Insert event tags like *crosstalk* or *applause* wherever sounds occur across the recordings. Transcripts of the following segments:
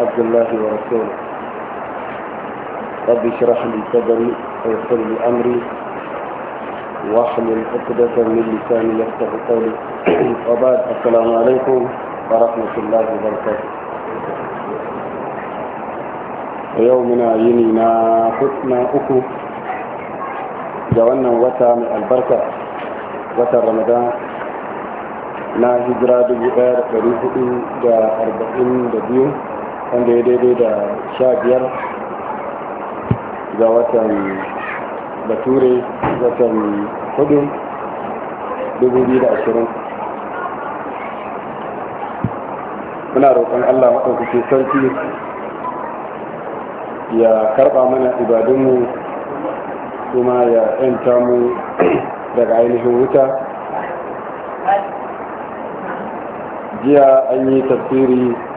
عبد الله ورسوله رب اشرح لي صدري ويسر لي امري واحلل عقدة من لساني يفتح قولي وبعد السلام عليكم ورحمة الله وبركاته ويومنا ينينا حسنا أكو جوانا وتا من البركة وتا رمضان na hijira dubu ɗaya da ɗari hudu da arba'in da biyu wanda ya daidai da sha biyar ga watan bature watan hudu 2020 muna roƙon allah maɗaukaki sarki ya karɓa mana ibadunmu kuma ya 'yanta mu *clears throat* daga ainihin wuta jiya an yi tafsiri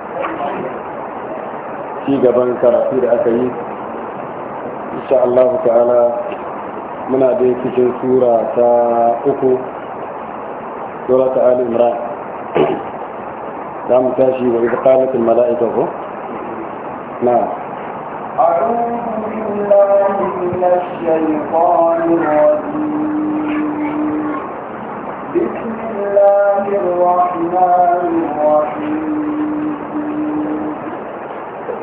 في جبان كرافير أكيد إن شاء الله تعالى من أبي كجن سورة أكو دولة آل إمران دام تاشي وإذا قالت الملائكة هو نعم أعوذ بالله من الشيطان الرجيم بسم الله الرحمن الرحيم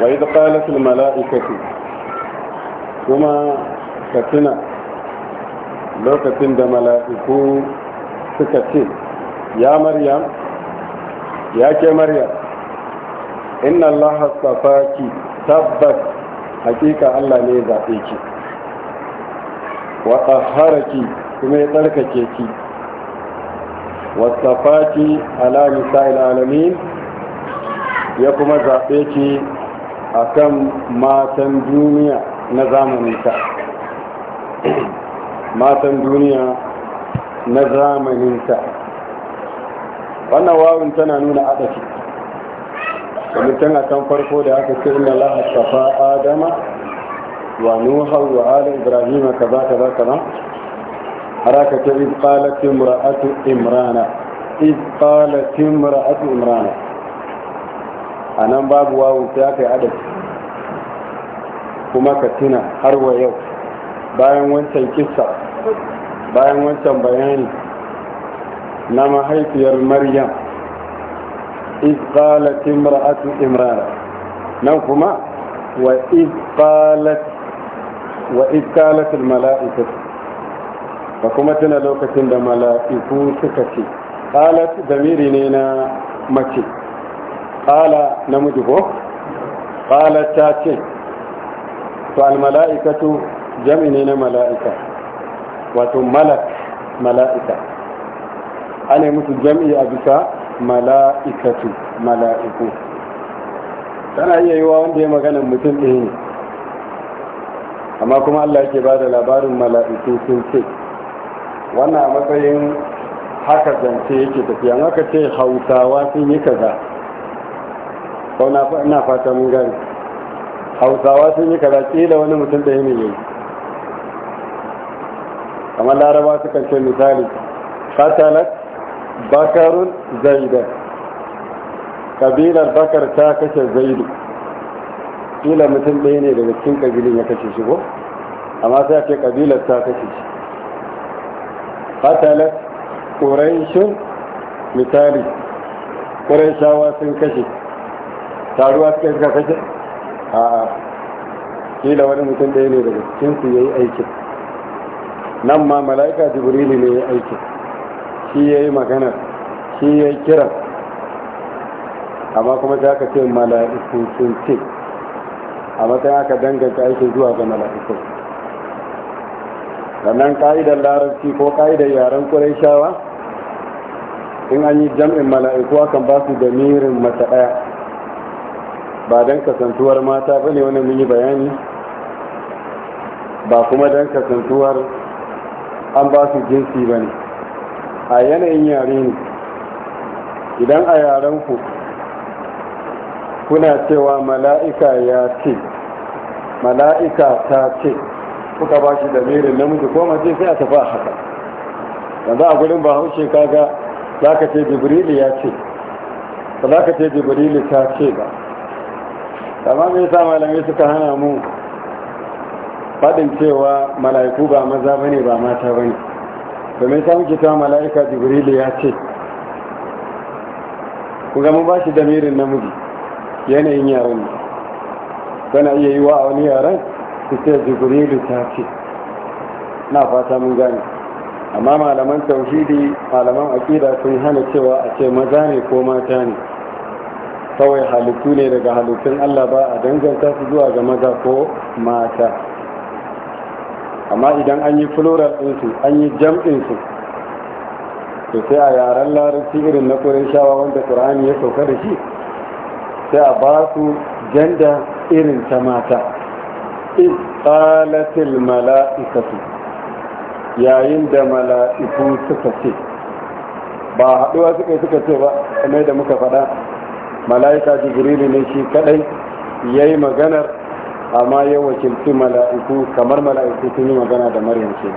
wa idh qalat al mala'ikatu kuma katina lokacin da mala'iku suka ce ya maryam ya ke maryam inna allaha safaki tabbas hakika allah ne ya zaɓe ki wa tsaharaki kuma ya tsarkake ki wasafaki ala nisa'il alamin ya kuma zaɓe ki A kan matan duniya na zamaninta matan duniya na zamaninta wannan wawin tana nuna adafi domin tun a kan farko da aka ce inna laha safa adama wa nuhar wa ala ibrahim za ka kaza har aka ce iz qalat imra'atu imrana iz qalat imra'atu imrana a nan babu wawu sai kai yi adadi kuma ka tuna har wa yau bayan wancan kissa bayan wancan bayani na mahaifiyar maryam iz qalat imra'atu imrana nan kuma wa iz qalat wa iz qalat al mala'ikatu ba kuma tuna lokacin da mala'iku suka ce qalat damiri ne na mace qala namiji ko qala ta ce to al mala'ikatu jami ne na mala'ika wato malak mala'ika ana musu jami'i a bisa mala'ikatu mala'iku tana iya yi wa wanda ya magana mutum ɗaya ne amma kuma Allah ke ba da labarin mala'iku sun ce wannan a matsayin haka zance yake tafiya haka ce hausawa sun yi kaza ko na fata mun gani hausawa sun yi kaza kila wani mutum da ne yi. kamar laraba sukan ce misali katalak bakarun zaida kabilar bakar ta kashe zaidu kila mutum ɗaya ne daga cikin kabilin ya kashe shi ko amma sai ake kabilar ta kashe shi katalak ƙuraishin misali shawa sun kashe taruwa suka suka kashe a kila wani mutum ɗaya ne daga cikinsu ya yi aikin nan ma mala'ika jibrilu ne ya yi aikin shi ya yi magana shi ya yi kira amma kuma ta aka ce mala'iku sun ce a matan aka danganta aikin zuwa ga mala'iku sannan ka'idar larabci ko ka'idar yaren kurai shawa in an yi jam'in mala'iku akan ba su da mirin mata ɗaya ba don kasantuwar mata ba ne wani muni bayani ba kuma don kasantuwar an ba su jinsi ba ne a yanayin yare ne idan a yarenku kuna cewa mala'ika ya ce mala'ika ta ce kuka ba shi da merin namiji ko mace sai a tafi a haka yanzu a gudun bahaushe kaga za ka ce jibrili ya ce ba za ka ce jibrili ta ce ba amma me yasa malamai suka hana mu fadin cewa mala'iku ba maza bane ba mata bane domin samun cewa mala'ika jibrilu ya ce ku gama ba shi damirin namiji yanayin yaran ne tana iya yi wa wani yaren su ce jibrilu ta ce na fata mun gane amma malaman tauhidi malaman akida sun hana cewa a ce maza ne ko mata ne kawai halittu ne daga halittun Allah ba a danganta su zuwa ga maza ko mata amma idan an yi floral ɗinsu an yi jam'insu to sai a yaren larabci irin na kurin shawa wanda ƙur'ani ya sauka da shi sai a ba su janda irin ta mata iz mala'ikatu yayin da mala'iku suka ce ba haɗuwa suka suka ce ba kamar da muka faɗa mala'ika jibrilu ne shi kadai ya yi maganar amma ya wakilci mala'iku kamar mala'iku sun yi magana da maryam ke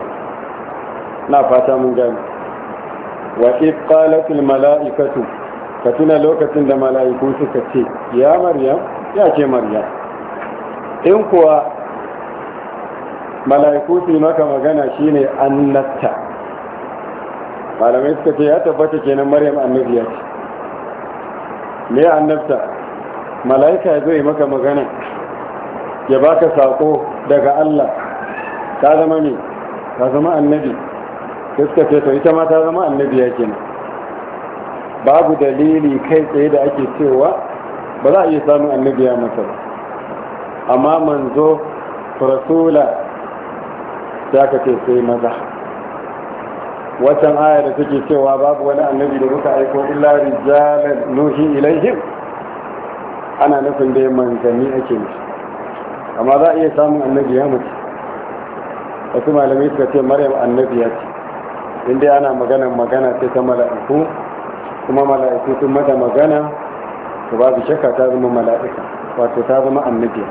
na fata mun gani wa qalatil mala'ikatu ka tuna lokacin da mala'iku suka ce ya maryam ya ce maryam in kuwa mala'iku su maka magana shine annatta malamai suka ce ya tabbata kenan maryam annabiya ce me annabta mala'ika zai maka magana ya baka sako daga Allah ta zama ne ta zama annabi suka ce to ita ma ta zama annabi ya kenan babu dalili kai tsaye da ake cewa ba za a iya samun annabi ya masa amma manzo rasula ta ka ce sai maza watan aya da take cewa babu wani annabi da muka aiko illa rijalan nuhi ilaihim ana nufin da manzanni ake nufi amma za a iya samun annabi ya mutu wasu malamai suka ce maryam annabi ya ce inda ana magana magana sai ta mala'iku kuma mala'iku sun mata magana to babu shakka ta zama mala'ika wato ta zama annabi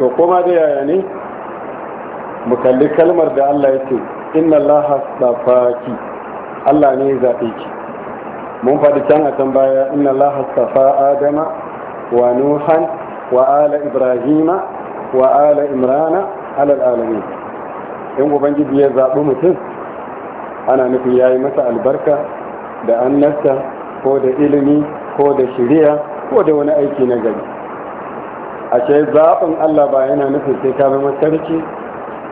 to koma da yaya ne mu kalli kalmar da Allah ya ce inna Allah safaki allah ne ya zaɓe ki mun faɗi can a can baya inna Allah safa adama wa nuhan wa ala ibrahima wa ala imrana alal alamin in ubangiji ya zaɓi mutum ana nufin ya yi masa albarka da annasta ko da ilimi ko da shirya ko da wani aiki na gari ashe zaɓin allah ba yana nufin sai ka zama sarki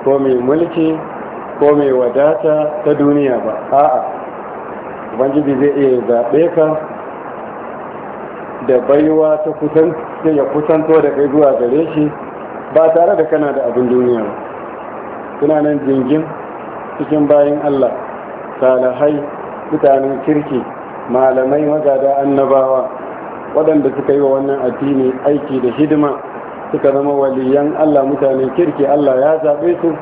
ko mai mulki ko mai wadata ta duniya ba a'a ubangiji zai iya zaɓe ka da baiwa ta kusan ya kusanto da kai zuwa gare shi ba tare da kana da abin duniya ba suna nan jingin cikin bayan allah salahai mutanen kirki malamai magada annabawa waɗanda suka yi wa wannan addini aiki da hidima suka zama waliyan allah mutanen kirki allah ya zaɓe su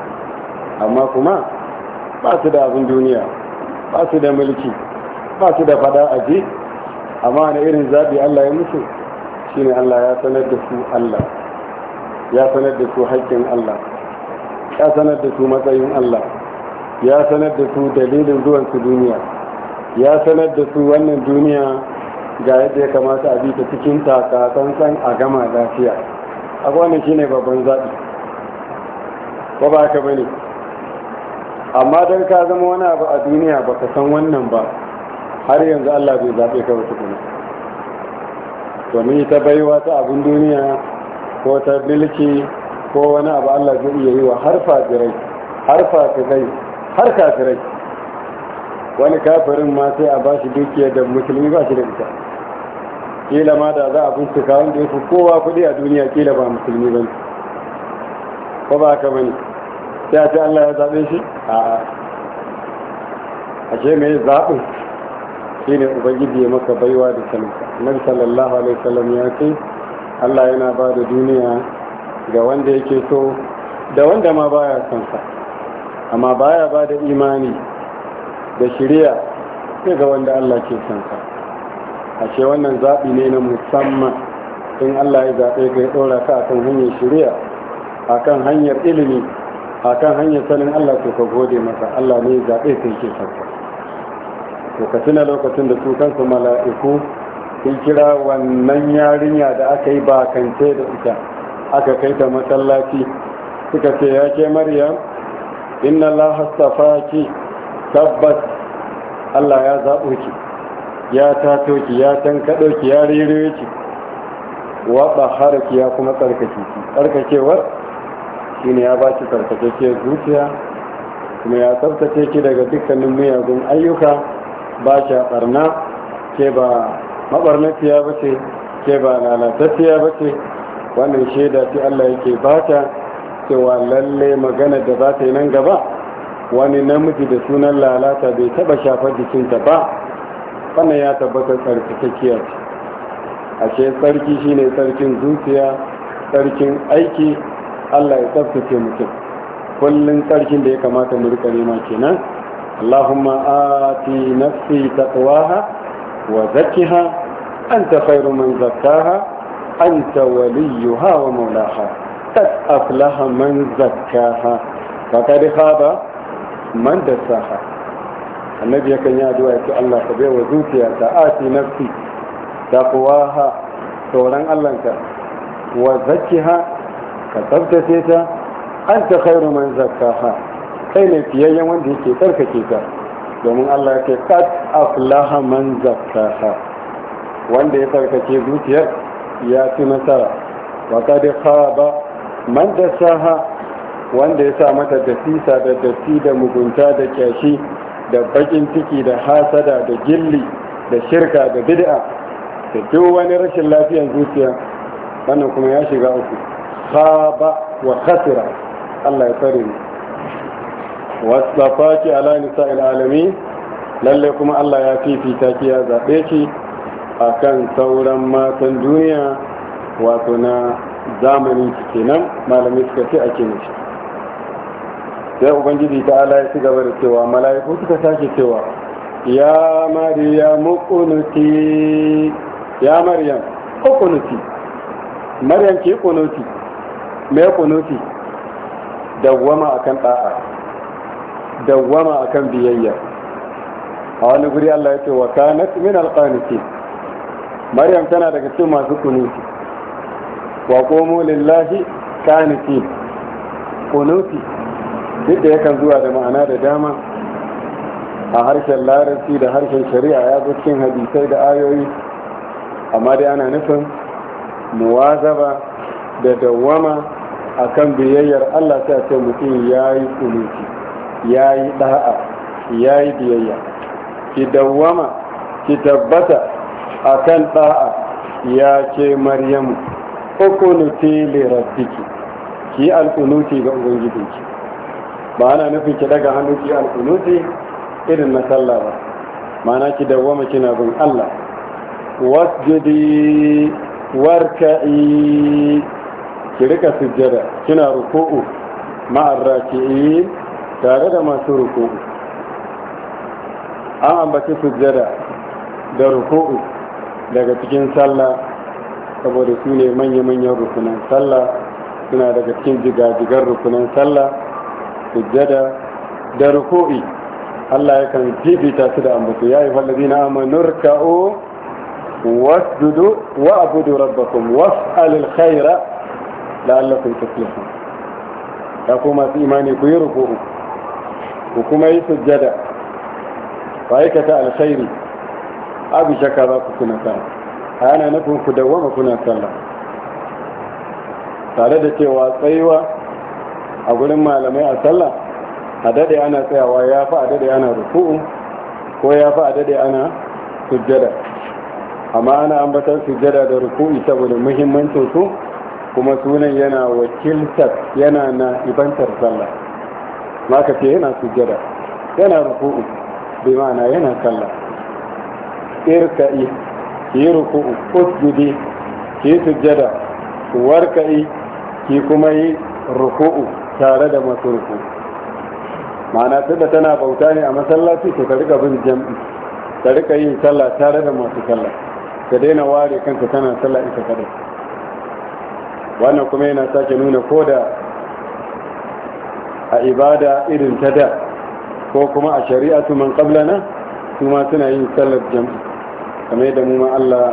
amma kuma ba su da abin duniya ba su da mulki ba su da fada aji amma wani irin zaɓi Allah ya musu shine Allah ya sanar da su Allah ya sanar da su haƙƙin Allah ya sanar da su matsayin Allah ya sanar da su dalilin zuwan su duniya ya sanar da su wannan duniya ga yadda ya kamata a bi ta cikin takatsantsan a gama lafiya a wannan shine babban zaɓi Ba ba ka bane amma don ka zama wani abu a duniya ba ka san wannan ba har yanzu allah bai zaɓe ka wasu kuma domin ita baiwa ta abin duniya ko ta milki ko wani abu allah zai iya yi wa har fajirai har fasirai har kafirai wani kafirin ma sai a ba shi dukiya da musulmi ba shi da ita kila ma da za a bincika wanda ya fi kowa kuɗi a duniya kila ba musulmi ba ne ko ba ka bane sai a ce Allah ya zaɓe shi a ashe mai zaɓe shi ne ubangiji ya maka baiwa da talaka Nan sallallahu alaihi sallam ya ce Allah yana ba da duniya ga wanda yake so da wanda ma baya son amma baya ba da imani da shiriya sai ga wanda Allah ke sansa. A ashe wannan zaɓi ne na musamman in Allah ya zaɓe ga ya ɗora ka akan hanyar shiriya akan hanyar ilimi a kan hanyar sanin Allah to ka gode masa Allah ne zaɓe kai ke sarka to ka tuna lokacin da su kansu mala'iku sun kira wannan yarinya da aka yi kance da ita aka kai ta masallaci suka ce ya ke maryam inna Allah hastafaki tabbas Allah ya zaɓo ki ya tato ki ya tankaɗo ki ya rere ki waɗa ya kuma tsarkake ki tsarkakewar shine ya baki ki tsarkakeke zuciya kuma ya tsabtace ki daga dukkanin miyagun ayyuka ba ki a barna ke ba mabarnafiya ba ce ke ba lalataffiya ba ce wannan shaida ce Allah yake bata cewa lalle magana da za ta yi nan gaba wani namiji da sunan lalata bai taba shafar jikinta ba wannan ya tabbatar tsarkakakkiya ce ashe tsarki shine tsarkin zuciya tsarkin aiki Allah ya tsaftace mutum kullun tsarkin da ya kamata mu rika nema kenan Allahumma ati nafsi taqwaha wa zakkiha anta khairu man zakkaha anta waliyuha wa mawlaha qad aflaha man zakkaha faqad khaba man dassaha annabi yakan yi addu'a yace Allah ka bai wa zuciya ta ati nafsi taqwaha tsoron Allah ka wa zakkiha ka tsabtace ta an ta khairu man zakkaha kai ne fiyayyen wanda yake tsarkake ta domin Allah ya ce qad aflaha man zakkaha wanda ya tsarkake zuciyar ya fi nasara wa qad khaba man dasaha wanda ya sa mata dasisa da dasi da mugunta da kyashi da bakin ciki da hasada da gilli da shirka da bid'a da duk wani rashin lafiyar zuciya wannan kuma ya shiga uku khaba wa khasira Allah ya tsare mu wasafaki ala nisa'il alami. lalle kuma Allah ya fifita ki ya zabe ki akan sauran matan duniya wato na zamanin ki kenan malamai suka ce ake nishi sai ubangiji ta ala ya ci gaba da cewa mala'iku suka sake cewa ya maryam kunuti ya maryam kunuti maryam ke kunuti me kunuti dawwama akan da'a dawwama akan biyayya a wani guri Allah ya ce wa kanat min alqanisi maryam tana daga cikin masu kunuti wa qumu lillahi qaniti kunuti duk da yakan zuwa da ma'ana da dama a harshen larabci da harshen shari'a ya zo cikin hadisai da ayoyi amma dai ana nufin muwazaba da dawwama akan biyayyar Allah sai ce mutum ya yi kunuti ya yi ɗa'a ya yi biyayya ki dawwama ki tabbata a kan ɗa'a ya ce maryamu ukunuti li ki alkunuti ga ubangijinki ba ana nufin ki daga hannu ki alkunuti irin na sallah ba ma'ana ki dawwama kina bin Allah wasjudi warka'i ki rika sujjada kina ruku'u ma'ar raki'in tare da masu ruku'u an ambaci sujjada da ruku'u daga cikin sallah saboda su ne manya-manyan rukunan sallah suna daga cikin jigajigar rukunan sallah sujjada da ruku'i Allah ya kan jibita su da ambatu ya yi fallazi na amanar ka'o wasdudu wa abudu rabbakum was'alil khaira la'allakum tuflihun ya ku masu imani ku yi ruku'u ku kuma yi sujjada ku aikata alkhairi abu shakka za ku kuna A yana nufin ku dawwama kuna sallah tare da cewa tsayuwa a gurin malamai a sallah a dade ana tsayawa ya fi a dade ana ruku'u ko ya fi a dade ana sujjada amma ana ambatar sujjada da ruku'i saboda muhimmancin su kuma sunan yana wakiltar yana na ibantar sallah maka ce yana sujjada yana ruku'u bi ma'ana yana sallah irka'i ki ruku'u usjudi ki sujjada warka'i ki kuma yi ruku'u tare da masu ruku ma'ana tunda tana bauta ne a masallaci to ka rika bin jam'i ka rika yin sallah tare da masu sallah ka daina ware kanka tana sallah ita kadai wannan kuma yana sake nuna ko da a ibada irin ta da ko kuma a shari'a su man qablana su ma suna yin sallar jam'i kamar yadda mu Allah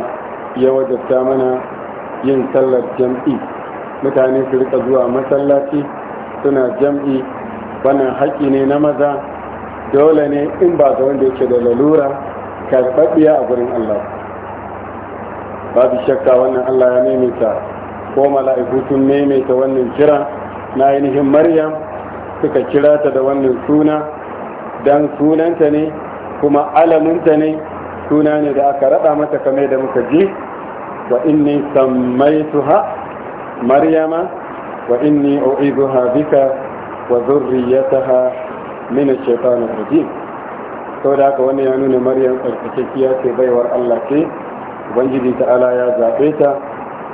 ya wajabta mana yin sallar jam'i mutane su rika zuwa masallaci suna jam'i wannan haƙƙi ne na maza dole ne in ba ga wanda yake da lalura karɓaɓɓiya a gurin Allah babu shakka wannan Allah ya nemi ta ko mala'iku sun maimaita wannan kira na ainihin maryam suka kira ta da wannan suna dan sunanta ne kuma alamunta ne suna ne da aka rada mata kamar da muka ji wa inni ha maryama wa inni u'idhuha bika wa dhurriyyataha ha ash-shaytan rajim to da haka wani ya nuna maryam tsarkakekiya ce baiwar Allah ce ubangiji Ala ya zaɓe ta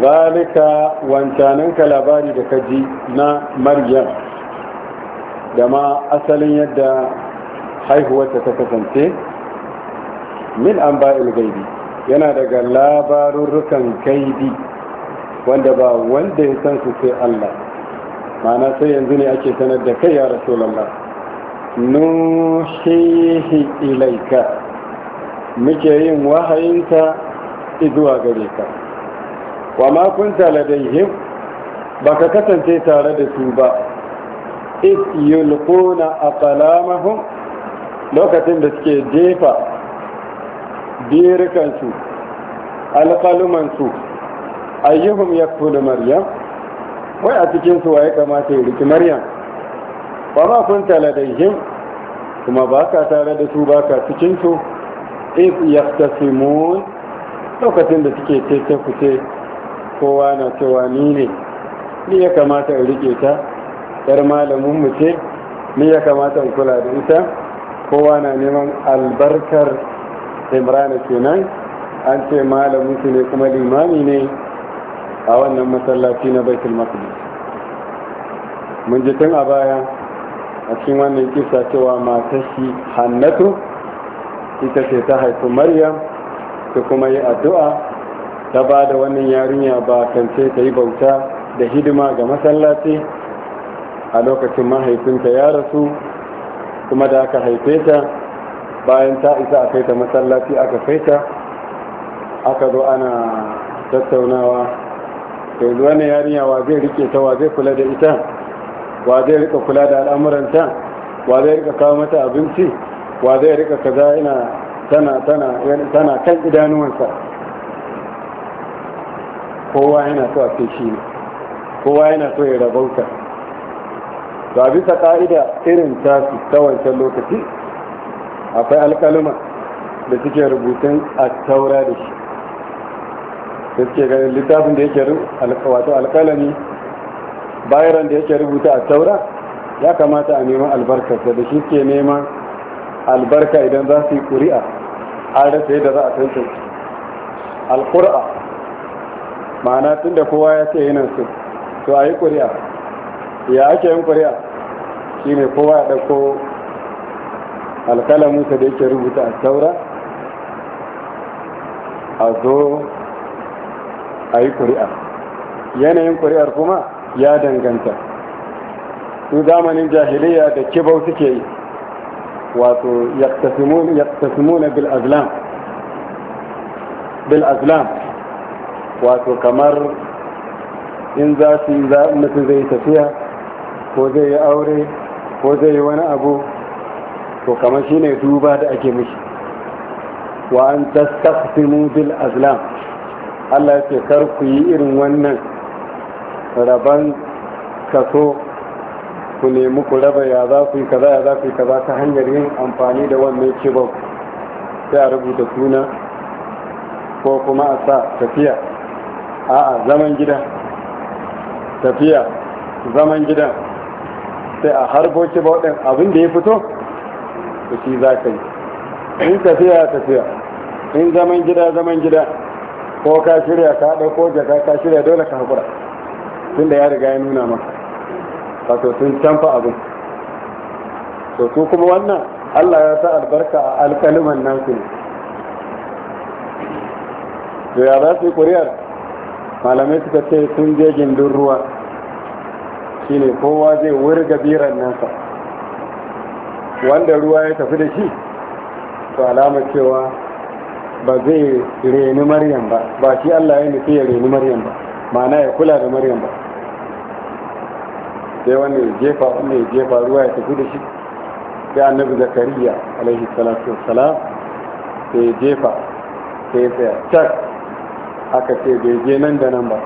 zalika wancaninka labari da kaji na maryam da ma asalin yadda haihuwarta ta kasance min an ba'il gaibi yana daga labarurrukan gaibi wanda ba wanda ya san su sai Allah mana sai yanzu ne ake sanar da kai ya rasu rasulallah nushihi ilaika muke yin wahayinka izuwa gare ka wa ma kunta ladaihim baka kasance tare da su ba is yulquna aqlamahum lokacin da suke jefa birikansu alƙalumansu ayyuhum kula maryam wai a cikinsu su waye kamata ya riki maryam ba ma kunta ladaihim kuma ba ka tare da su ba ka cikin su if yaftasimun lokacin da suke ku kuce kowa na cewa ni ne ni ya kamata in rike ta yar malamin mu ce ni ya kamata in kula da ita kowa na neman albarkar imrana kenan an ce malamin su ne kuma limami ne a wannan masallaci na baitul maqdis mun ji tun a baya a cikin wannan kisa cewa matar hannatu ita ce ta haifi maryam ta kuma yi addu'a ta ba da wannan yarinya ba kance ta yi bauta da hidima ga masallaci a lokacin mahaifinta ya rasu kuma da aka haife ta bayan ta isa a kai ta masallaci aka kai ta aka zo ana tattaunawa yanzu wannan yarinya wa zai rike ta wa zai kula da ita wa zai rika kula da al'amuranta wa zai rika kawo mata abinci wa zai rika kaza yana tana tana tana kan idanuwansa kowa yana so a ce shi ne kowa yana so ya rabauta ba bisa ka'ida irin tasu ta wancan lokaci akwai alkaluma da suke rubutun a taura da shi da suke ganin littafin da yake wato alkalami bayan da yake rubuta a taura ya kamata a neman albarka, da shi ke neman albarka idan za su yi ƙuri'a a rasa yadda za a tantance alƙura ma'ana tun da kowa ya ce yana su to a yi ƙuri'a ya ake yin ƙuri'a shi ne kowa ya ɗauko Musa da yake rubuta a taura a zo a yi ƙuri'a yanayin ƙuri'ar kuma ya danganta su zamanin jahiliya da kibau suke yi wato yaktasimuna bil azlam bil azlam wato kamar in za su yi mutum zai tafiya ko zai yi aure ko zai yi wani abu to kamar shi ne duba da ake mishi wa an tastaqsimu bil azlam Allah ya ce kar ku yi irin wannan raban kaso ku nemi ku raba ya za ku yi kaza ya za ku yi kaza ta hanyar yin amfani da wannan kibau sai a rubuta suna ko kuma a sa tafiya a'a zaman gida tafiya zaman gida sai a harbo kibau din abin da ya fito da shi za ka yi in tafiya tafiya in zaman gida zaman gida ko ka shirya ka ɗauko jaka ka shirya dole ka haƙura tunda ya riga ya nuna maka wato sun canfa abin to su kuma wannan Allah ya sa albarka a alkaliman nasu ne to ya za su yi kuriyar malamai suka ce sun je gindin ruwa shine kowa zai wurga biran nasa wanda ruwa ya tafi da shi to alamar cewa ba zai reni maryam ba ba shi Allah ya nufi ya reni maryam ba ma'ana ya kula da maryam ba sai wani ya jefa wani ya jefa ruwa ya tafi da shi sai annabi zakariya alaihi salatu wassalam sai ya jefa sai ya tsaya cak aka ce bai je nan da nan ba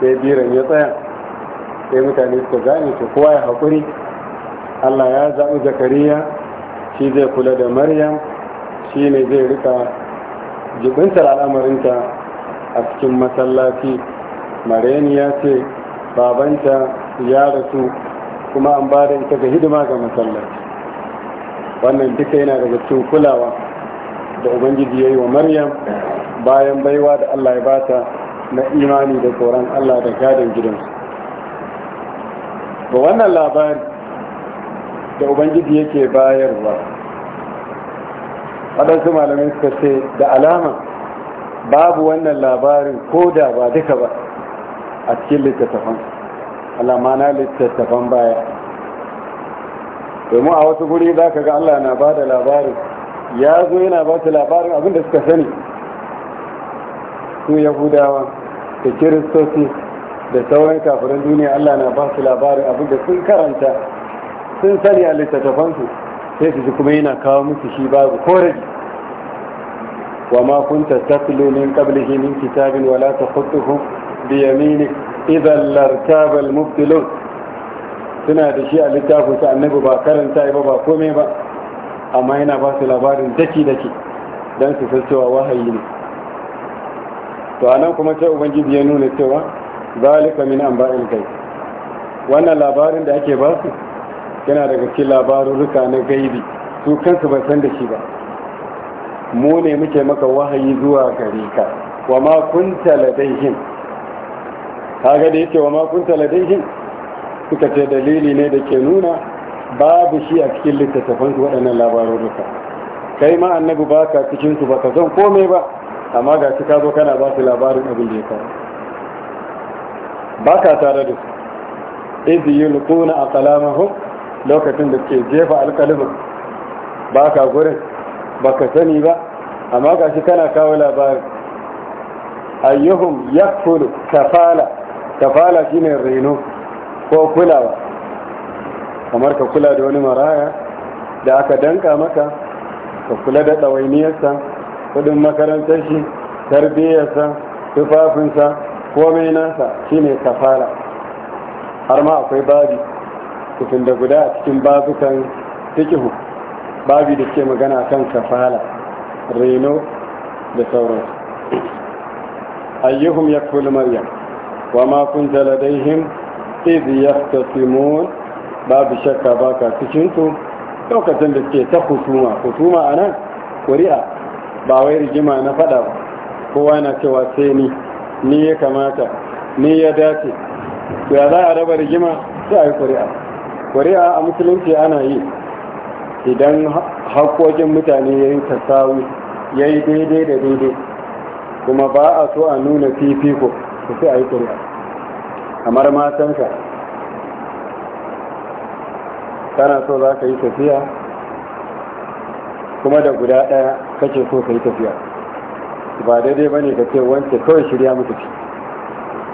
sai biran ya tsaya sai mutane suka gane su kowa ya haƙuri allah ya zaɓi zakariya shi zai kula da maryam shi ne zai rika jibintar al'amarinta a cikin masallaci mareni ya ce babanta ya rasu kuma an ba da ita ga hidima ga masallaci wannan duka yana daga cikin kulawa da ubangiji ya yi wa maryam bayan baiwa da allah ya bata na imani da tsoron allah da gadon gidansu ba wannan labari da ubangiji yake bayarwa waɗansu malamai suka ce da alama babu wannan labarin ko da ba duka ba a cikin littattafan alama na littattafan baya domin a wasu guri za ka ga allah na ba da labarin ya zo yana ba su labarin abinda suka sani su yahudawa da kiristoci da sauran kafirin duniya allah na ba su labarin abinda sun karanta sun sani a littattafansu sai su ji kuma yana kawo musu shi babu korafi وما كنت تتلو من قبله من كتاب ولا تخطه biyaminik إذا لارتاب المبتلون suna da shi a littafin ta annabi ba karanta ba ba komai ba amma yana ba su labarin daki daki don su san cewa wahayi ne to anan kuma sai ubangiji ya nuna cewa zalika min anba'il kai wannan labarin da ake ba su yana daga cikin ruka na gaibi su kansu ba san da shi ba mu ne muke maka wahayi zuwa gare ka wa ma kunta ladaihim kaga da yake wa makunta ladaihin suka ce dalili ne da ke nuna babu shi a cikin littattafan su waɗannan labarurruka kai ma annabi ba ka cikin su ba ka zan komai ba amma ga shi ka zo kana ba su labarin abin da ya kawo. ba ka tare da su lukuna a kalamahun lokacin da ke jefa alƙalmin ba ka gurin ba ka sani ba amma ga shi kana kawo labarin ayyuhun, yakfulu kafala kafala shine reno ko kulawa kamar ka kula da wani maraya da aka danka maka ka kula da ɗawainiyarsa kudin makarantar shi tarbiyyarsa tufafinsa komai nasa shine kafala har ma akwai babi tufin da guda a cikin babukan tikihu babi da ke magana kan kafala reno da sauransu ayyuhum yakfulu maryam وما كنت لديهم إذ يختصمون باب شكا باكا كشنتو لو كتن تخصوما خصوما أنا قرئة باوير جمع نفدا أنا تواسيني نية كماتا نية داتي ويضاء رب رجمع سأي قرئة ƙuri'a a في أنا هي idan haƙoƙin mutane ya yi tasawi ya yi daidai da daidai kuma ba a so a nuna fifiko su sai a yi ƙuri'a kamar matanka tana so za ka yi tafiya kuma da guda ɗaya kake so ka yi tafiya ba daidai ba ne ka ce wance kawai shirya mutu ce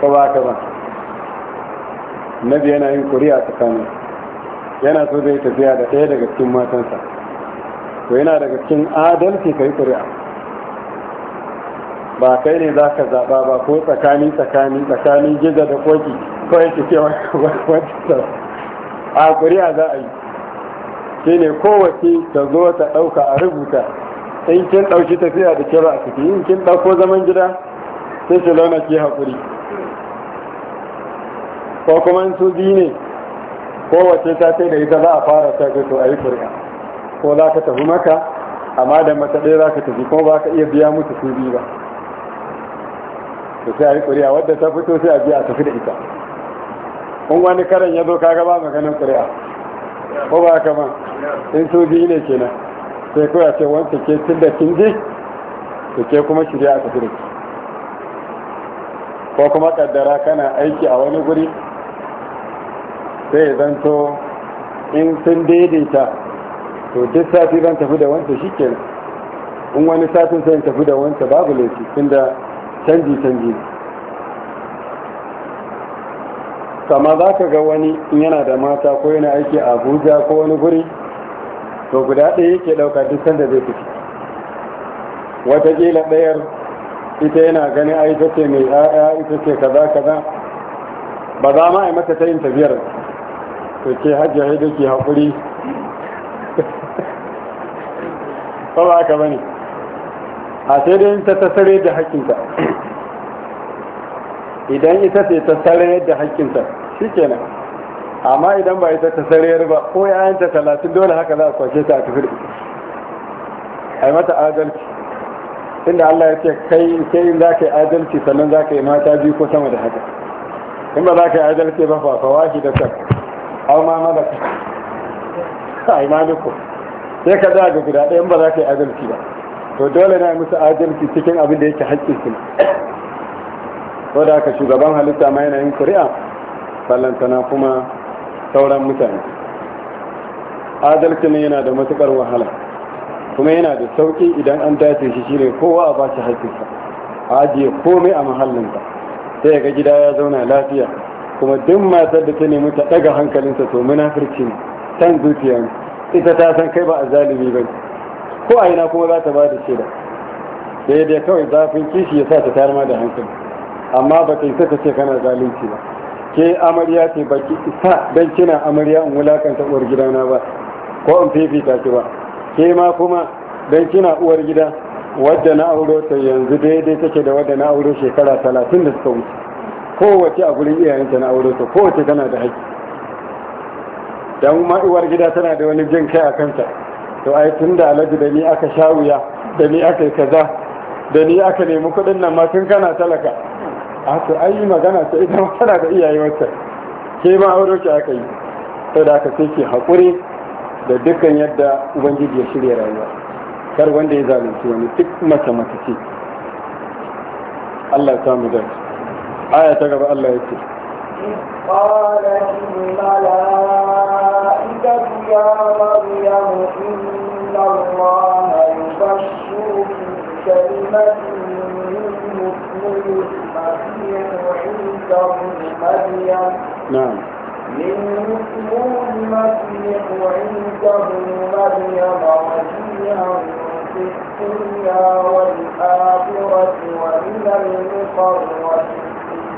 ko ba ka ba nabi yana yin ƙuri'a tsakanin yana so zai tafiya da ɗaya daga cikin matansa to yana daga cikin adalci ka yi ƙuri'a ba kai ne za ka zaɓa ba ko tsakani tsakani tsakanin gizo da koki kawai yake ce wata a kuriya za a yi shi ne kowace ta zo ta ɗauka a rubuta in kin ɗauki tafiya da kira a ciki in kin ɗauko zaman gida sai shi launa ke haƙuri ko kuma su biyu ne kowace ta sai da ita za a fara ta gato a yi kuriya ko za ka tafi maka amma da mata ɗaya za ka tafi kuma ba ka iya biya mutu su biyu ba to sai a yi ƙuri'a wadda ta fito sai a biya a tafi da ita in wani karan ya zo kaga ba maganin ƙuri'a ko ba haka ma in so biyu ne kenan sai kawai a ce wanda ke tun da kin ji to ke kuma shirya a tafi da ki ko kuma kaddara kana aiki a wani guri sai zanto in sun daidaita to duk sati zan tafi da wanda shi kenan in wani satin sai tafi da wanda babu laifi da. canji canji kama za ka ga wani in yana da mata ko yana aiki a abuja ko wani guri to guda ɗaya yake ɗauka duk sanda zai fita watakila ɗayar ita yana ganin a ta ce mai ya'ya ita ce kaza kaza ba za ma a mata ta yin tafiyar to ce hajji haidu ke haƙuri *laughs* ba ba ba bane a sai dai ta tasare da hakkinta idan ita ce ta tsare da hakkinta shi kenan amma idan ba ita ta sarayar ba ko yayanta talatin dole haka za a kwashe ta a tafi a yi mata adalci inda Allah ya ce kai sai za ka yi adalci sannan za ka yi mata biyu ko sama da haka in ba za ka yi adalci ba fa fawa shi da kan au ma ka a yi maluku sai ka za ga guda ɗaya in ba za ka yi adalci ba to dole na musu adalci cikin abin da yake haƙƙinsu ko da aka shugaban halitta ma yana yin kuri'a ballantana kuma sauran mutane adalci ne yana da matuƙar wahala kuma yana da sauƙi idan an dace shi shine kowa a bashi haƙƙinsa a ajiye komai a mahallinsa sai ga gida ya zauna lafiya kuma duk matar da ta nemi ta ɗaga hankalinsa to munafurci ne san zuciya ita ta san kai ba a zalimi ba ko a ina kuma za ta ba da shaida sai dai kawai zafin kishi ya sa ta tayar ma da hankali amma ba ta isa ta ce kana zalunci ba ke amarya ce ba ki isa dan kina amarya in wulakanta uwar gidana ba ko in fifita ki ba ke ma kuma dan kina uwar gida wadda na auro ta yanzu daidai take da wadda na auro shekara talatin da suka wuce kowace a gurin iyayenta na auro ta kowace tana da haƙƙi don ma uwar gida tana da wani jin kai a kanta to ai tun da alaji da ni aka sha wuya da ni aka yi kaza da ni aka nemi kuɗin nan ma tun kana talaka a to ai magana ta ita tana da iyaye wacce ke ma auro ki aka yi to da aka sai haƙuri da dukkan yadda ubangiji ya shirya rayuwa kar wanda ya zalunci wani duk mace mace ce Allah ya samu da aya ta gaba Allah ya ce قال الملائكة يا مريم إن الله يبشرك بكلمة منه اسمه المسيح عيسى بن مريم نعم من اسمه المسيح عيسى بن مريم وجيها في الدنيا والآخرة ومن المقربين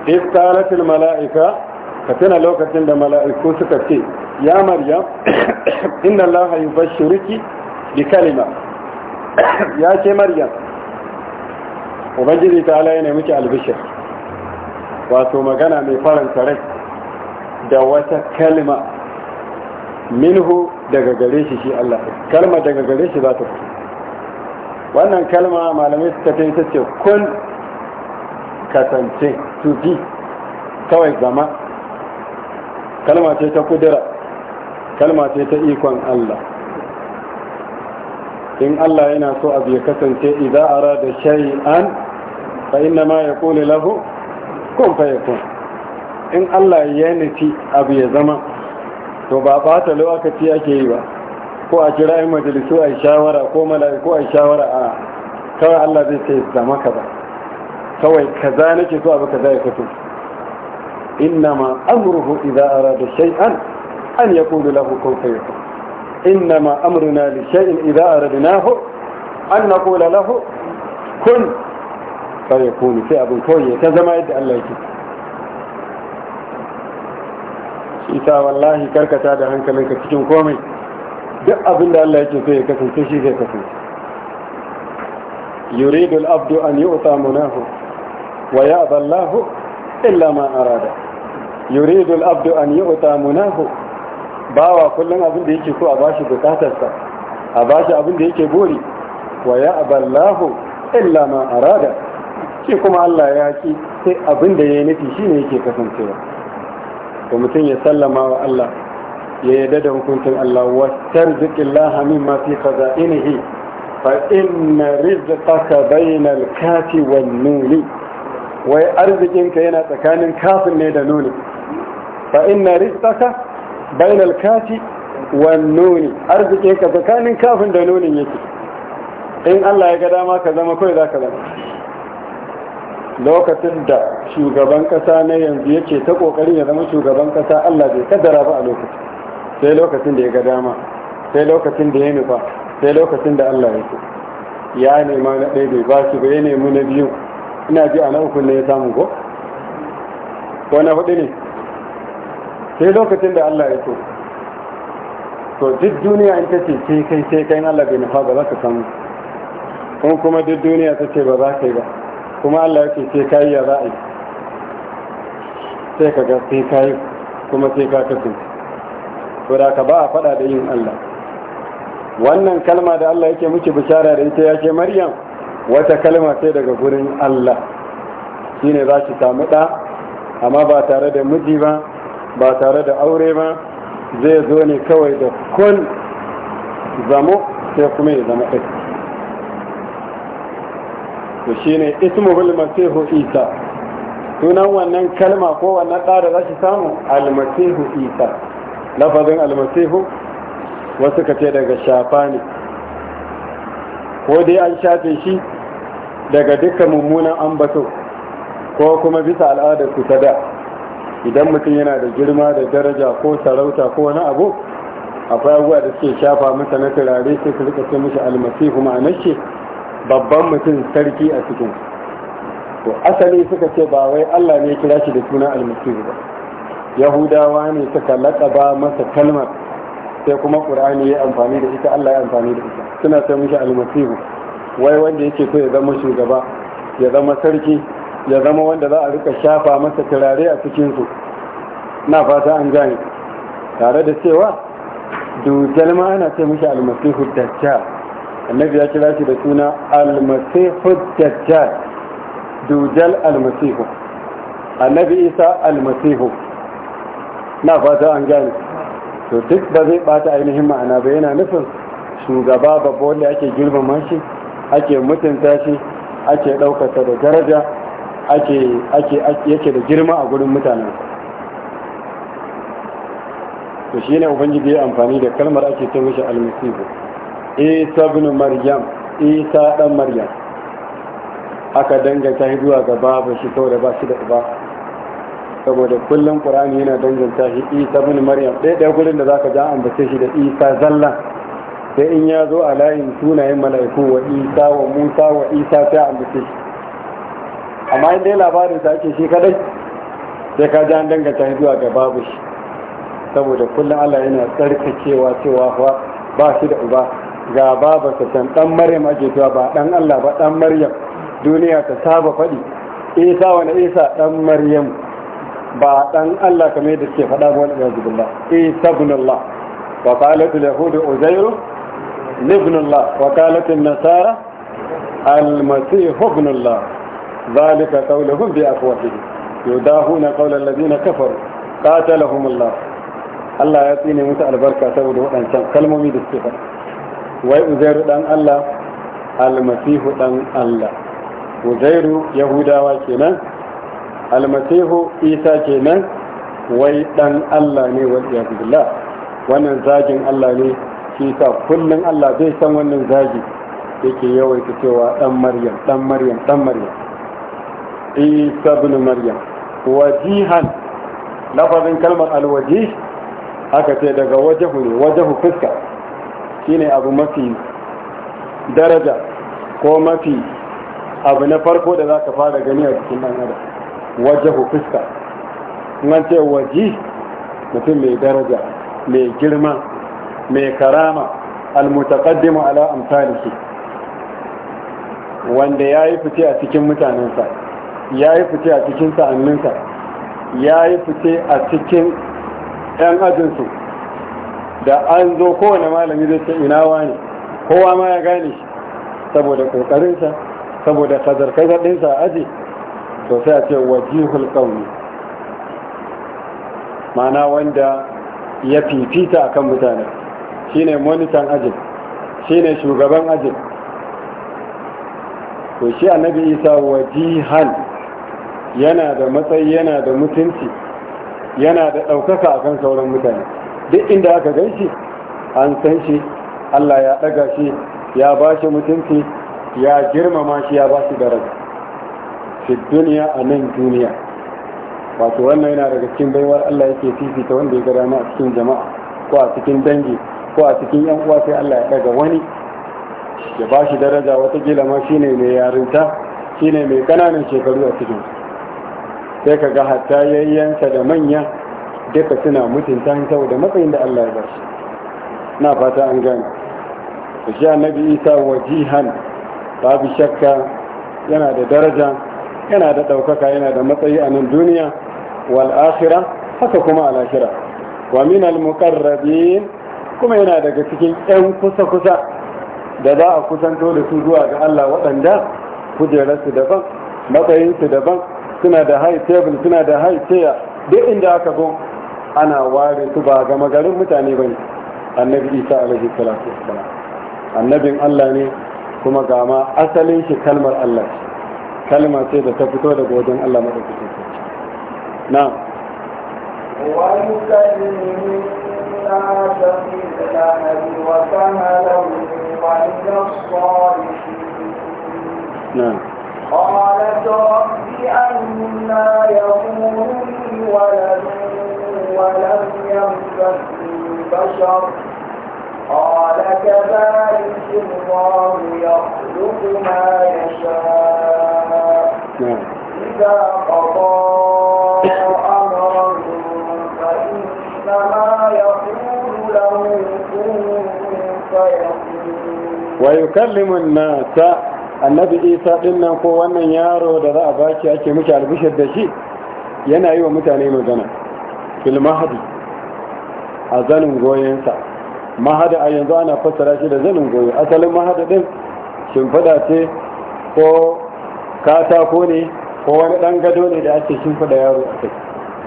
iskalatul mala'ika ka tuna lokacin da mala'iku suka ce ya maryam inna allaha yubashshiruki bi kalima ya ce maryam ubangiji ta ala ne miki albishir wato magana mai faranta rai da wata kalima minhu daga gare shi shi Allah kalma daga gare shi za ta fito wannan kalma malamai suka ta ita ce kun kasance tufi kawai zama kalma ce ta kudura kalma ce ta ikon Allah in Allah yana so abu ya kasance idza arada shay'an fa inna ma yaqulu lahu kun fayakun in Allah ya nufi abu ya zama to ba bata lokaci ake yi ba ko a jira ai majalisu a shawara ko mala'iku a shawara a kawai Allah zai ce zama ka ba كوي كذلك كوي كذلك إنما أمره إذا أراد شيئا أن يقول له كن فيكون إنما أمرنا لشيء إذا أردناه أن نقول له كن فيكون في أبو كوي ما يدعى الله يجب إذا والله كركة هذا هنك لنك كتن قومي دعب الله الله يجب فيه كتن تشيه يريد الأبد أن يؤطى مناه ويأبى الله إلا ما أراد يريد الأبد أن يؤتى مناه باوا كلنا أبن ديكي كو أباشي بكاتسا أباشي أبن ديكي بوري ويأبى الله إلا ما أراد shi kuma Allah ya ci sai abin da ya yi nufi shi ne yake kasancewa to mutum ya sallama wa Allah ya yi da hukuncin Allah wa tarziqillaha mimma fi khaza'inihi fa inna rizqaka bainal kafi wan nuni wai arzikinka yana tsakanin kafin ne da nuni fa inna rizqaka bainal kafi wa nuni arzikinka tsakanin kafin da nunin yake in Allah ya ga dama ka zama kai zaka zama lokacin da shugaban kasa na yanzu yake ta kokarin ya zama shugaban kasa Allah bai kaddara ba a lokacin sai lokacin da ya ga dama sai lokacin da ya nufa sai lokacin da Allah ya ce, ya nema na ɗaya bai ba shi ba ya nemi na biyu ina ji a na uku ne ya samu ko ko na hudu ne sai lokacin da Allah ya so to duk duniya in ta ce sai kai sai kai Allah bai nufa ba za ka samu kuma kuma duk duniya ta ce ba za ka yi ba kuma Allah ya ce sai kai ya za a yi sai ka ga sai kai kuma sai ka kasance to da ka ba a faɗa da yin Allah wannan kalma da Allah yake muke bishara da ita ya ce Maryam wata kalma sai daga gurin Allah ne za ki samu ɗa amma ba tare da miji ba ba tare da aure ba zai zo ne kawai da kun zamo sai kuma ya zama ɗaya. to ne ismuhul masihu isa sunan wannan kalma ko wannan ɗa da za ki samu almasihu isa lafazin almasihu wasu ka ce daga shafa ne ko dai an shafe shi daga dukkan mummunan ambato ko kuma bisa al'adar su ta da idan mutum yana da girma da daraja ko sarauta ko wani abu akwai abubuwa da suke shafa masa na turare sai su rika ce mishi almasihu nace babban mutum sarki a cikin to asali suka ce ba wai Allah ne kira shi da suna almasihu ba yahudawa ne suka laƙaba masa kalmar sai kuma ƙur'ani ya amfani da ita Allah ya amfani da ita suna ce mishi almasihu wai wanda yake so ya zama shugaba ya zama sarki ya zama wanda za a rika shafa masa turare a cikinsu na fata an gane tare da cewa dujjal ma ana ce mishi almasihu dajjal annabi ya kira shi da suna almasihu dajjal dujal almasihu annabi isa almasihu na fata an gane to duk ba zai bata ainihin ma'ana ba yana nufin shugaba babba wanda ake girmama shi ake mutunta shi ake ɗaukarsa da daraja ake ake yake da girma a gurin mutanen to shi ne ubangiji ya amfani da kalmar ake ce mishi almasihu isa ibn maryam isa dan maryam aka danganta shi zuwa ga babu shi saboda ba shi da uba saboda kullum qur'ani yana danganta shi isa ibn maryam ɗaya ɗaya gurin da zaka ja ambace shi da isa zallan sai in ya zo a layin sunayen mala'iku wa isa wa musa wa isa sai a ambace shi amma in dai labarin sa ake shi kadai sai ka ji an danganta zuwa ga babu shi saboda kullum Allah yana tsarkakewa cewa fa ba shi da uba ga baba ta can dan maryam ake cewa ba dan Allah ba dan maryam duniya ta saba faɗi isa wani isa dan maryam ba dan Allah kamar yadda ke faɗa ba wani yanzu zubin ba isa bin Allah wa qalat hudu a uzairu ابن الله وقالت النصارى المسيح ابن الله ذلك قولهم يداهون قول الذين كفروا قاتلهم الله ya tsine musu albarka saboda kalmomi da yahudawa kenan almasihu isa kenan wai dan Allah ne wannan zagin Allah ne shi sa kullum Allah zai san wannan zagi yake yawaita cewa ɗan maryam ɗan maryam ɗan maryam isa bin maryam wajihan lafazin kalmar alwaji aka ce daga wajahu ne wajahu fuska shine abu mafi daraja ko mafi abu na farko da za ka fara gani a cikin ɗan adam wajahu fuska wance an waji mutum mai daraja mai girma mai karama almutaqaddimu ala amsalihi wanda yayi fice a cikin mutanensa yayi fice a cikin sa'anninsa yayi fice a cikin yan ajinsu da an zo kowane malami zai ce ina wani kowa ma ya gane shi saboda ƙoƙarinsa, saboda kazar ɗinsa a aji to sai a ce wajihul ƙauni, ma'ana wanda ya fifita akan mutane shine monitan ajin shine shugaban ajin to shi annabi isa wajihan yana da matsayi yana da mutunci yana da ɗaukaka a kan sauran mutane duk inda aka gan shi an san shi allah ya ɗaga shi ya ba shi mutunci ya girmama shi ya ba shi daraja fi duniya a nan duniya wato wannan yana daga cikin baiwar allah yake fifita wanda ya gada dama a cikin jama'a ko a cikin dangi ko a cikin yan uwa sai Allah ya daga wani ya ba shi daraja wata gila ma shine mai yarinta shine mai kananan shekaru a cikin sai ka ga hatta yayyanka da manya duka suna mutunta saboda matsayin da Allah ya ba shi na fata an gane shi annabi Isa wajihan babu shakka yana da daraja yana da ɗaukaka yana da matsayi a nan duniya wal akhirah haka kuma al akhirah wa min al muqarrabin kuma yana daga cikin 'yan kusa-kusa da za a kusanto da su zuwa ga Allah waɗanda kujerarsu daban matsayinsu daban suna da high table suna da high chair duk inda aka zo ana ware su ba ga magarin mutane bane annabi isa alaihi salatu wassalam annabin Allah ne kuma ga ma asalin shi kalmar Allah ce kalma ce da ta fito daga wajen Allah madaukakin sarki na'am wa كنا سميع لهب وكملا ومن الصالحين نعم قالت ربي أنا يكون ولد ولم يمسسني بشر قال كذلك الله يخلق ما يشاء إذا قضى أمرا فإنما يخلق wa na ta annabi isa dinnan ko wannan yaro da za a baki ake miki albishir da shi yana yi wa mutane magana fil mahadi a zanin goyensa mahadi a yanzu ana fassara shi da zanin goyo asalin mahadi din shimfiɗa ce ko katako ne ko wani ɗan gado ne da ake shimfiɗa yaro a kai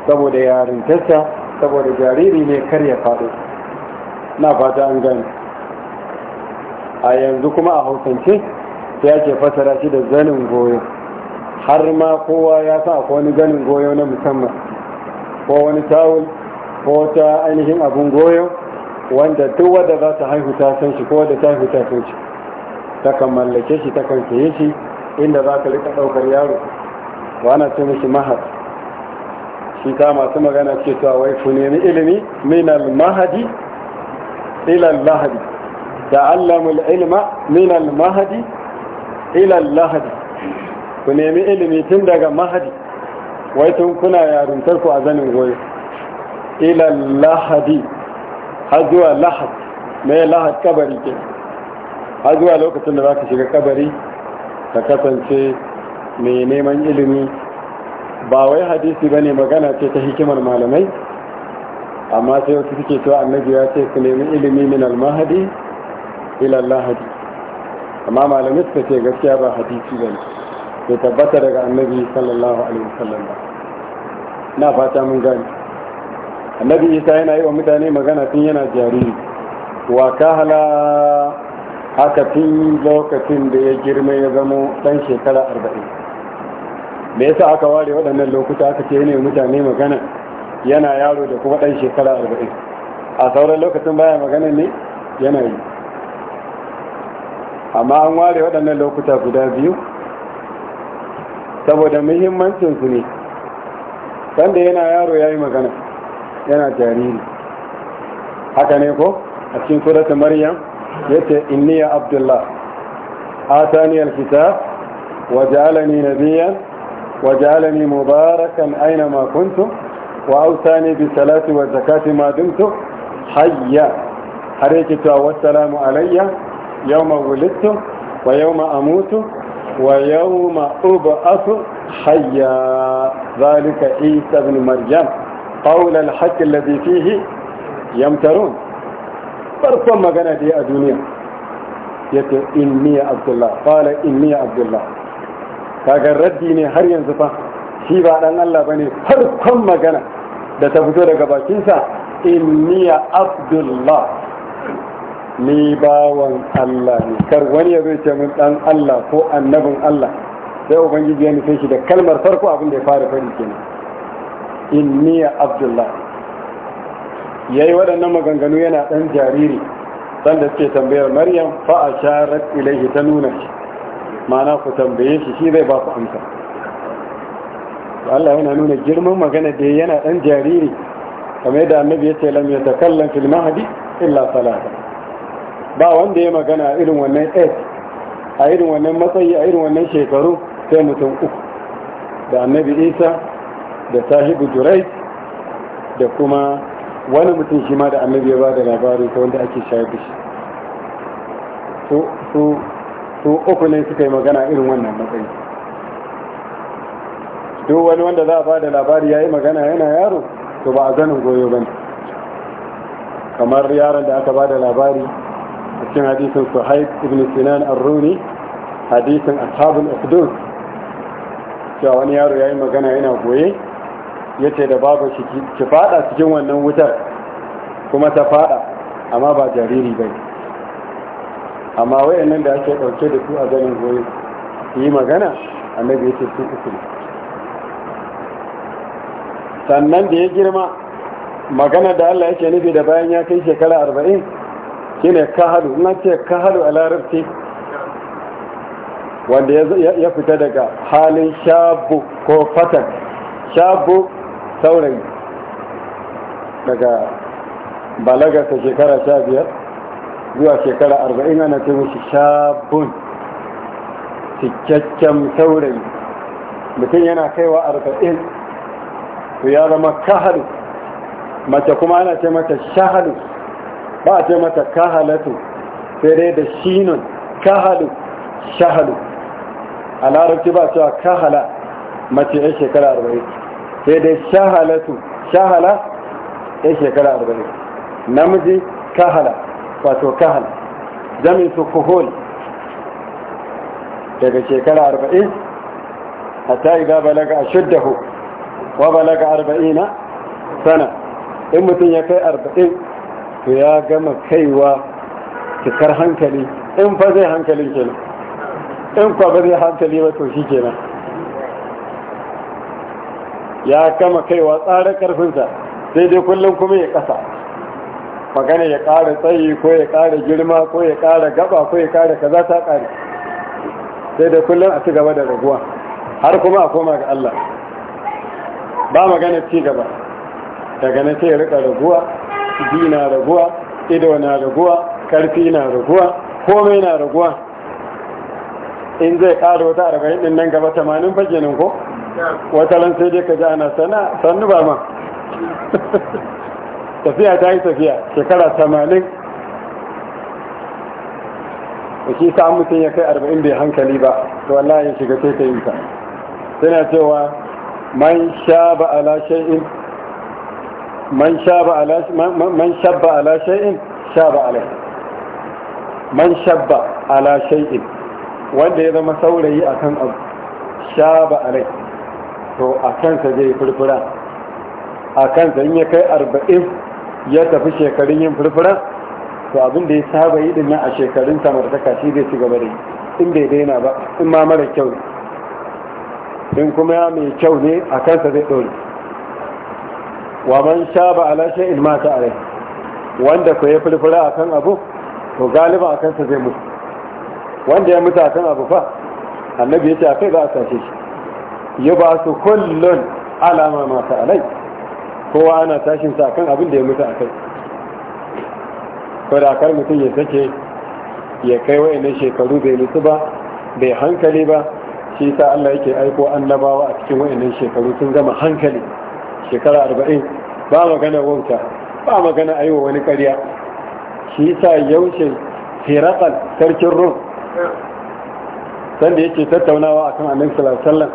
saboda yarintarsa saboda jariri ne kar ya faɗo na fata an gani a yanzu kuma a hausance ta yake fasara shi da zanin goyo har ma kowa ya sa akwai wani zanin goyo na musamman ko wani tawul ko ta ainihin abun goyo wanda duk wadda za ta haihu ta san shi ko wadda ta haihu ta san shi ta kan mallake shi ta kan saye shi inda za ka rika ɗaukar yaro ba ana ce mishi mahad shi ta masu magana ce cewa wai ku nemi ilimi minal mahadi ila al-mahdi ta'allamu al-ilma min al-mahdi ila ku nemi ilimi tun daga mahdi wai tun kuna yaruntar ku a zanin goyo ila al-mahdi zuwa lahad mai lahad kabari ke har zuwa lokacin da za ka shiga kabari ka kasance mai neman ilimi ba wai hadisi ba ne magana ce ta hikimar malamai amma sai wasu suke cewa annabi ya ce su nemi ilimi min almahadi ila lahadi amma malamai suka ce gaskiya ba hadisi bane bai tabbata daga annabi sallallahu alaihi wasallam ba na fata mun gani annabi isa yana yi wa mutane magana tun yana jariri wa kahala haka tun lokacin da ya girma ya zamo dan shekara arba'in me yasa aka ware waɗannan lokuta aka ce ne mutane magana yana yaro da kuma ɗan shekara arba'in a sauran lokacin baya magana ne yana yi amma an ware waɗannan lokuta guda biyu saboda muhimmancinsu ne sanda yana yaro ya yi magana yana jariri haka ne ko a cikin suratun maryam ya ce inniya abdullah atani alkitab wa ja'alani nabiyyan wa ja'alani mubarakan aina makuntun. وأوصاني بالصلاة والزكاة ما دمت حيا حريكت والسلام علي يوم ولدت ويوم أموت ويوم أبعث حيا ذلك عيسى بن مريم قول الحق الذي فيه يمترون farkon magana da ya a duniya ya ce inniya abdullah fala inniya abdullah raddi ne har yanzu fa shi ba ɗan Allah bane farkon magana da ta fito daga bakinsa ya abdullah ni bawan Allah ne kar wani ya zai ce ɗan dan Allah ko annabin Allah sai ubangiji ya nufe shi da kalmar farko abin da ya fara fari kenan ya abdullah yayi waɗannan maganganu yana dan jariri dan da suke tambayar maryam fa asharat ilaihi ta nuna shi ma'ana ku tambaye shi shi zai ba ku amsa Allah yana nuna girman magana da yana dan jariri kamar yadda annabi ce lam takallam fil mahdi illa salata ba wanda ya magana a irin wannan age a irin wannan matsayi a irin wannan shekaru sai mutum uku da annabi Isa da sahibu Jurayj da kuma wani mutum shi ma da annabi ya ba da labari ta wanda ake shayar da shi su uku ne suka yi magana irin wannan matsayi duk wani wanda za a ba da labari ya yi magana yana yaro to ba a zanin goyo ba kamar yaron da aka ba da labari a cikin hadisun suhaib ibn sinan arruni hadisin ashabul ukhdud cewa wani yaro ya yi magana yana goye ya ce da babu shi ki fada cikin wannan wutar kuma ta fada amma ba jariri ba amma wayannan da ake ɗauke da su a zanin goyo yi magana annabi ya ce su uku sannan da ya girma magana da Allah yake nufi da bayan ya kai shekara arba'in shine kahalu na ce kahalu a larabci wanda ya fita daga halin shabu ko fatan shabu saurayi daga balagarsa shekara sha biyar zuwa shekara arba'in ana ce mashi shabun cikakken saurayi mutum yana kaiwa arba'in to ya zama kahalu mace kuma ana ce mata shahalu ba a ce mata kahalatu sai dai da shinun kahalu shahalu a larabci ba cewa kahala mace ya shekara arba'in sai dai shahalatu shahala ya shekara arba'in namiji kahala wato kahala jami'in su kuhol daga shekara arba'in yi idan balaga a shudda shuddahu wa balaga arba'ina sana in mutum ya kai arba'in to ya gama kaiwa cikar hankali in fa zai hankalin kenan in kwa ba zai hankali ba to shi kenan ya gama kaiwa tsara karfinsa sai dai kullum kuma ya kasa magana ya ƙara tsayi ko ya ƙara girma ko ya ƙara gaba ko ya ƙara kaza ta kare sai da kullum a ci gaba da raguwa har kuma a koma ga Allah ba magana ci gaba daga nan sai rika raguwa ji na raguwa ido na raguwa karfi na raguwa komai na raguwa in zai ƙara wata arba'in din nan gaba tamanin fajinin ko wata ran sai dai ka ji ana sana sannu ba ma *laughs* tafiya ta yi tafiya shekara tamanin da shi sa mutum ya kai arba'in bai hankali ba to wallahi ya shiga sai ta yi ta suna cewa man shaba على شيء man شاب على شيء shabba ala shay'in shaba alai man shabba wanda ya zama saurayi a kan abu sha ba'alai to a kansa zai furfura a kansa in ya kai arba'in ya tafi shekarun yin furfura to abin da ya saba yi din a shekarun samartaka shi zai ci gaba da yi in bai daina ba in ma mara kyau in kuma ya mai kyau ne a kansa zai ɗori wa man sha ba alashe in mata a rai wanda ku ya fulfura a kan abu to galiba a kansa zai mutu wanda ya mutu a kan abu fa annabi ya ce a kai za a sashe shi ya ba su kullun alama mata alai kowa ana tashin sa kan abin da ya mutu a kai ko da kar mutum ya sake ya kai wa'in shekaru bai nutsu ba bai hankali ba shi sa Allah yake aiko annabawa a cikin wayannan shekaru sun gama hankali shekara arba'in ba magana wauta ba magana aiwa wani ƙarya shi sa yaushe hirakal sarkin rum sanda yake tattaunawa akan annabi sallallahu alaihi wasallam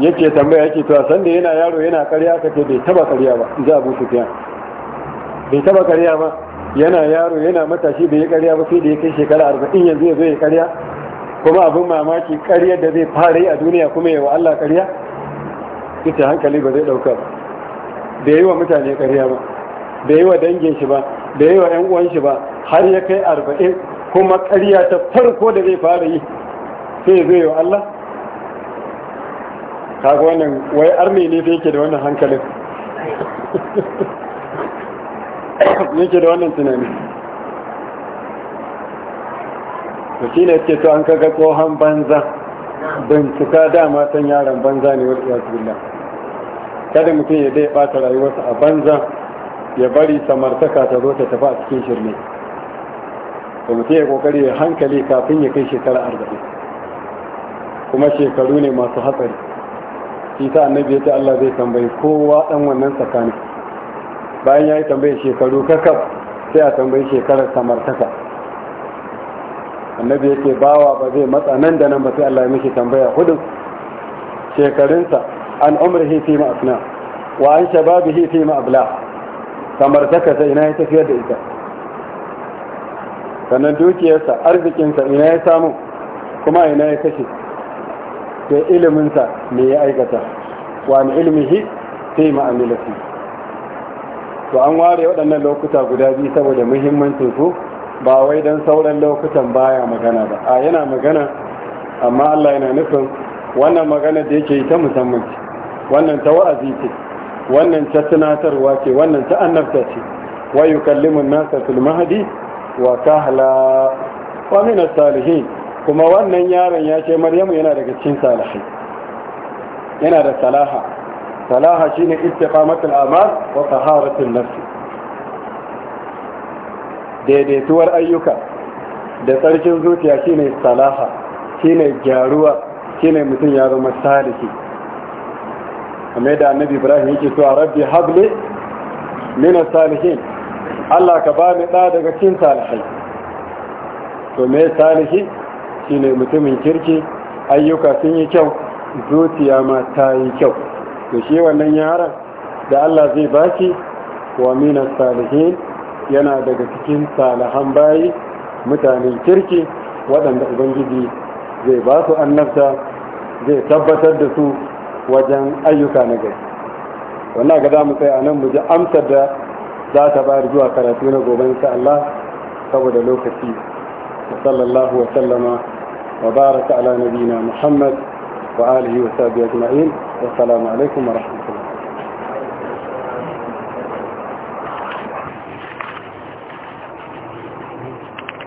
yake tambaya yake to sanda yana yaro yana ƙarya kace bai taba ƙarya ba za Abu Sufyan bai taba ƙarya ba yana yaro yana matashi bai yi ƙarya ba sai da ya kai shekara arba'in yanzu ya zo ya ƙarya kuma abin mamaki ƙarya da zai fara yi a duniya kuma yawa Allah ƙarya ita hankali ba zai ɗauka ba da yi wa mutane ƙarya ba da yi wa dangin shi ba da yi wa 'yan uwan shi ba har ya kai arba'in kuma ƙarya ta farko da zai fara yi sai zai yi wa Allah kaga wannan wai arme ne da yake da wannan hankalin *laughs* yake da wannan tunani to shi ne ce to an kaga tsohon banza bincika dama san yaron banza ne wasu ya zula kada mutum ya dai bata rayuwarsa a banza ya bari samartaka ta zo ta tafi a cikin shirme to mutum ya kokari ya hankali kafin ya kai shekara arba'in kuma shekaru ne masu hatsari shi ta annabi ya ce Allah zai tambayi kowa dan wannan tsakanin bayan ya yi tambayi shekaru kakaf sai a tambayi shekarar samartaka annabi yake bawa ba zai matsa nan da nan ba sai Allah ya miki tambaya hudun shekarunsa an umrihi fi ma'afna wa an shababihi fi ma'abla kamar saka sai ina ya tafiyar da ita sannan dukiyarsa arzikinsa ina ya samu kuma ina ya kashe sai iliminsa me ya aikata wa an ilmihi fi ma'amilati to an ware waɗannan lokuta guda biyu saboda muhimmancin su ba wai don sauran lokutan baya magana ba a yana magana amma Allah yana nufin wannan magana da yake ta musamman ce wannan ta wa'azi ce wannan ta tunatarwa ce wannan ta annabta ce wa yukallimu nasa fil mahdi wa kahla wa min salihin kuma wannan yaron ya ce maryamu yana daga cikin salihin, yana da salaha salaha shine istiqamatul amal wa taharatul nafs daidaituwar ayyuka da tsarkin zuciya shine salaha shine gyaruwa shine mutum ya zama saliki kamar da annabi ibrahim yake a rabbi habli min salihin Allah ka bani da daga cin salihai to me salihi shine mutumin kirki ayyuka sun yi kyau zuciya ma ta yi kyau to shi wannan yaran da Allah zai baki wa min salihin yana daga cikin salahan bayi mutanen kirki waɗanda ubangiji zai ba su annabta zai tabbatar da su wajen ayyuka na gari wannan ga za mu tsaya nan mu ji amsar da za ta da zuwa karatu na gobe sa Allah saboda lokaci sallallahu wa sallama wa baraka ala nabiyina Muhammad wa alihi wa sahbihi ajma'in assalamu alaikum wa rahmatullahi